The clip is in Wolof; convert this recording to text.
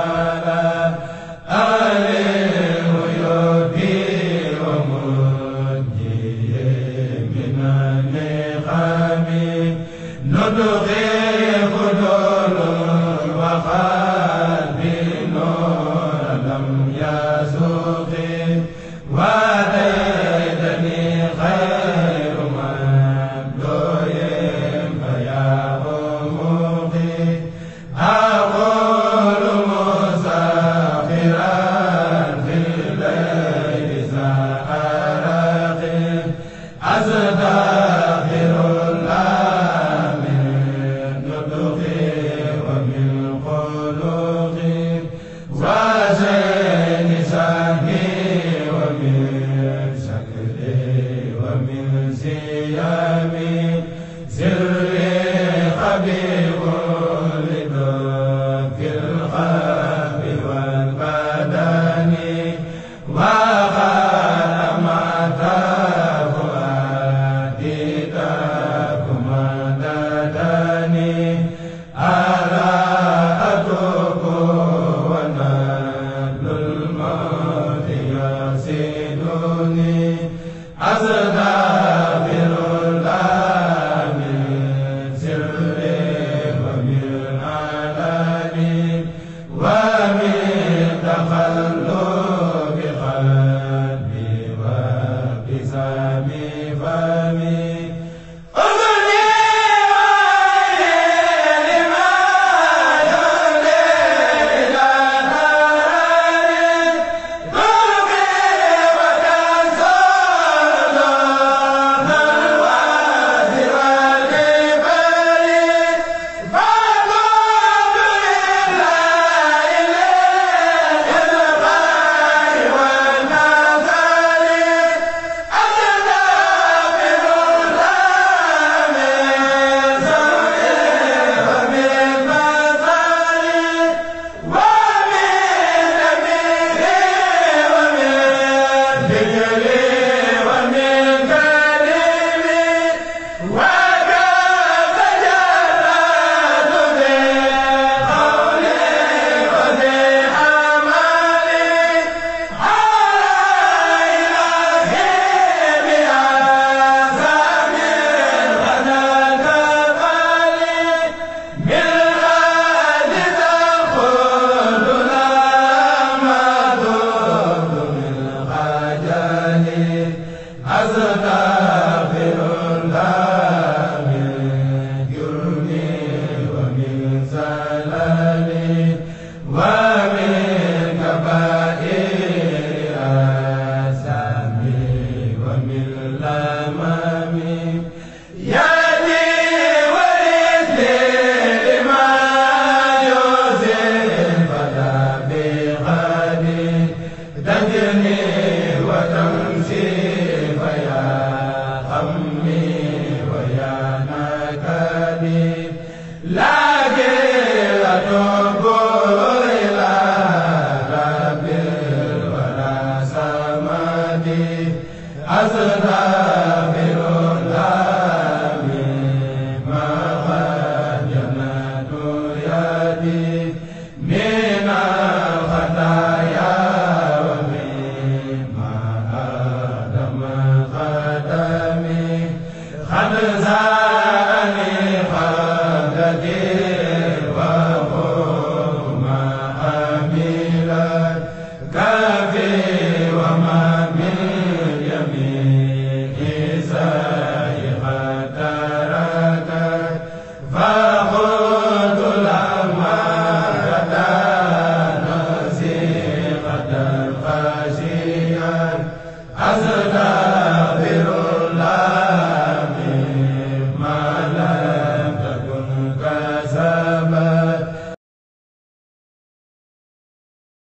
a taxal